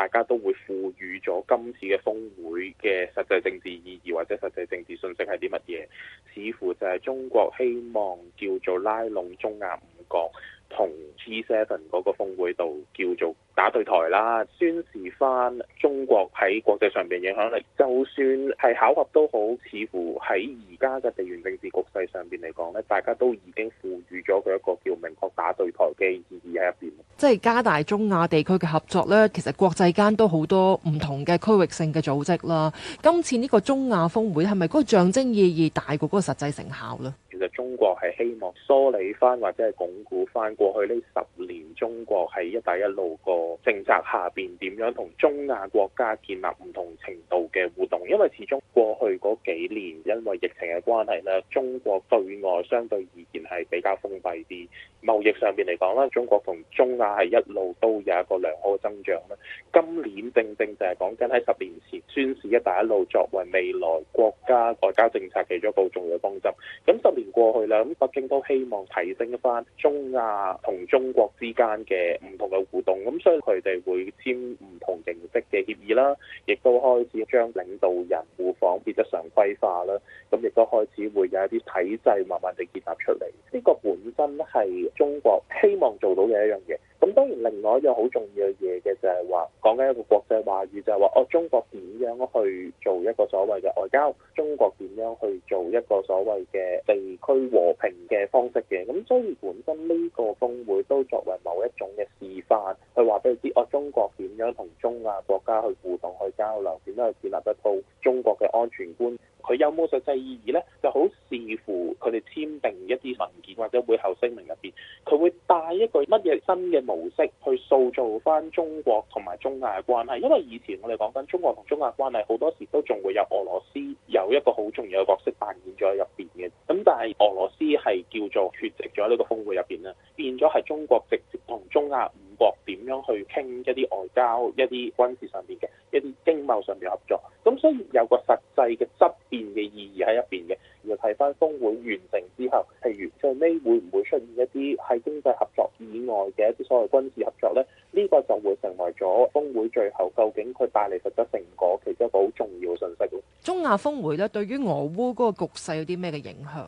大家都會賦予咗今次嘅峰會嘅實際政治意義，或者實際政治信息，係啲乜嘢？似乎就係中國希望叫做拉攏中亞五國。同 G7 嗰個峯會度叫做打對台啦，宣示翻中國喺國際上邊影響力。就算係巧合都好，似乎喺而家嘅地緣政治局勢上邊嚟講咧，大家都已經賦予咗佢一個叫明確打對台嘅意義喺入邊，即係加大中亞地區嘅合作咧，其實國際間都好多唔同嘅區域性嘅組織啦。今次呢個中亞峰會係咪嗰個象徵意義大過嗰個實際成效咧？就中國係希望梳理翻或者係鞏固翻過去呢十年中國喺一帶一路個政策下邊點樣同中亞國家建立唔同程度嘅互動，因為始終過去嗰幾年因為疫情嘅關係咧，中國對外相對而言係比較封閉啲。貿易上邊嚟講啦，中國同中亞係一路都有一個良好嘅增長啦。今年正正就係講緊喺十年前宣示一帶一路作為未來國家外交政策其中一個重要嘅方針，咁十年。過去啦，咁北京都希望提升一翻中亞同中國之間嘅唔同嘅互動，咁所以佢哋會簽唔同形式嘅協議啦，亦都開始將領導人互訪變得常規化啦，咁亦都開始會有一啲體制慢慢地建立出嚟。呢個本身係中國希望做到嘅一樣嘢。咁當然，另外一樣好重要嘅嘢嘅就係話講緊一個國際話語，就係話哦，中國點樣去做一個所謂嘅外交？中國點樣去做一個所謂嘅地區和平嘅方式嘅？咁所以本身呢個峰會都作為某一種嘅示範，去話俾你知哦，中國點樣同中亞國家去互動、去交流，點樣去建立一套中國嘅安全觀。佢有冇實際意義呢？就好視乎佢哋簽訂一啲文件或者會後聲明入邊，佢會帶一個乜嘢新嘅模式去塑造翻中國同埋中亞嘅關係。因為以前我哋講緊中國同中亞關係，好多時都仲會有俄羅斯有一個好重要嘅角色扮演咗喺入邊嘅。咁但係俄羅斯係叫做缺席咗呢個峰會入邊啦，變咗係中國直接同中亞五國點樣去傾一啲外交、一啲軍事上面嘅。一啲經貿上面合作，咁所以有個實際嘅質變嘅意義喺一邊嘅，要睇翻峰會完成之後，譬如最尾會唔會出現一啲係經濟合作以外嘅一啲所謂軍事合作咧？呢個就會成為咗峰會最後究竟佢帶嚟實質成果，其中一個好重要嘅信息。中亞峰會咧，對於俄烏嗰個局勢有啲咩嘅影響？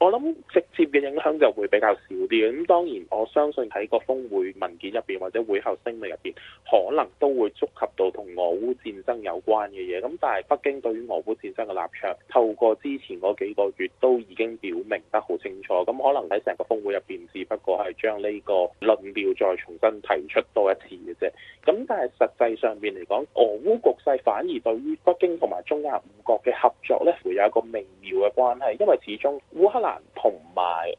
我諗，接嘅影響就會比較少啲。咁當然，我相信喺個峰會文件入邊或者會後聲明入邊，可能都會觸及到同俄烏戰爭有關嘅嘢。咁但係北京對於俄烏戰爭嘅立場，透過之前嗰幾個月都已經表明得好清楚。咁可能喺成個峰會入邊，只不過係將呢個論調再重新提出多一次嘅啫。咁但係實際上面嚟講，俄烏局勢反而對於北京同埋中亞五國嘅合作呢，會有一個微妙嘅關係，因為始終烏克蘭同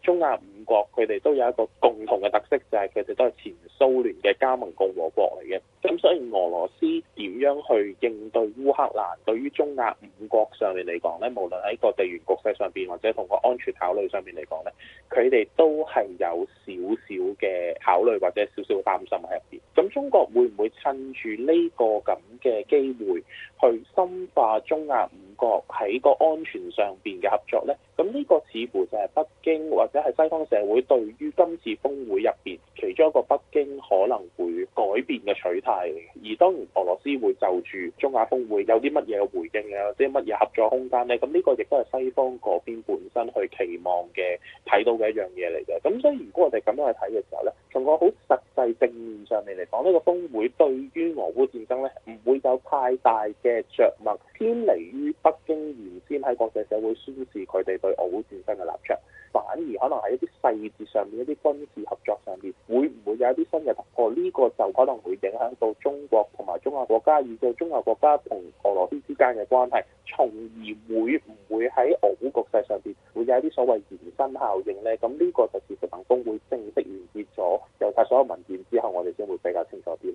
中亞。國佢哋都有一個共同嘅特色，就係佢哋都係前蘇聯嘅加盟共和國嚟嘅。咁所以俄羅斯點樣去應對烏克蘭，對於中亞五國上面嚟講咧，無論喺個地緣局勢上邊，或者同個安全考慮上面嚟講咧，佢哋都係有少少嘅考慮或者少少擔心喺入邊。咁中國會唔會趁住呢個咁嘅機會去深化中亞五國喺個安全上邊嘅合作咧？咁呢個似乎就係北京或者係西方，社會對於今次峰會入邊其中一個北京可能會改變嘅取態，而當然俄羅斯會就住中亞峰會有啲乜嘢回應啦，即係乜嘢合作空間呢？咁、這、呢個亦都係西方嗰邊本身去期望嘅、睇到嘅一樣嘢嚟嘅。咁所以如果我哋咁樣去睇嘅時候呢，從個好實際正面上面嚟講，呢、這個峰會對於俄烏戰爭呢，唔會有太大嘅着墨，偏離於北京原先喺國際社會宣示佢哋對俄烏戰爭嘅立場。反而可能係一啲細節上面，一啲軍事合作上面會唔會有一啲新嘅突破？呢個就可能會影響到中國同埋中亞國家，以及中亞國家同俄羅斯之間嘅關係，從而會唔會喺俄烏局勢上邊會有一啲所謂延伸效應咧？咁呢個就事實上工會正式完結咗有晒所有文件之後，我哋先會比較清楚啲。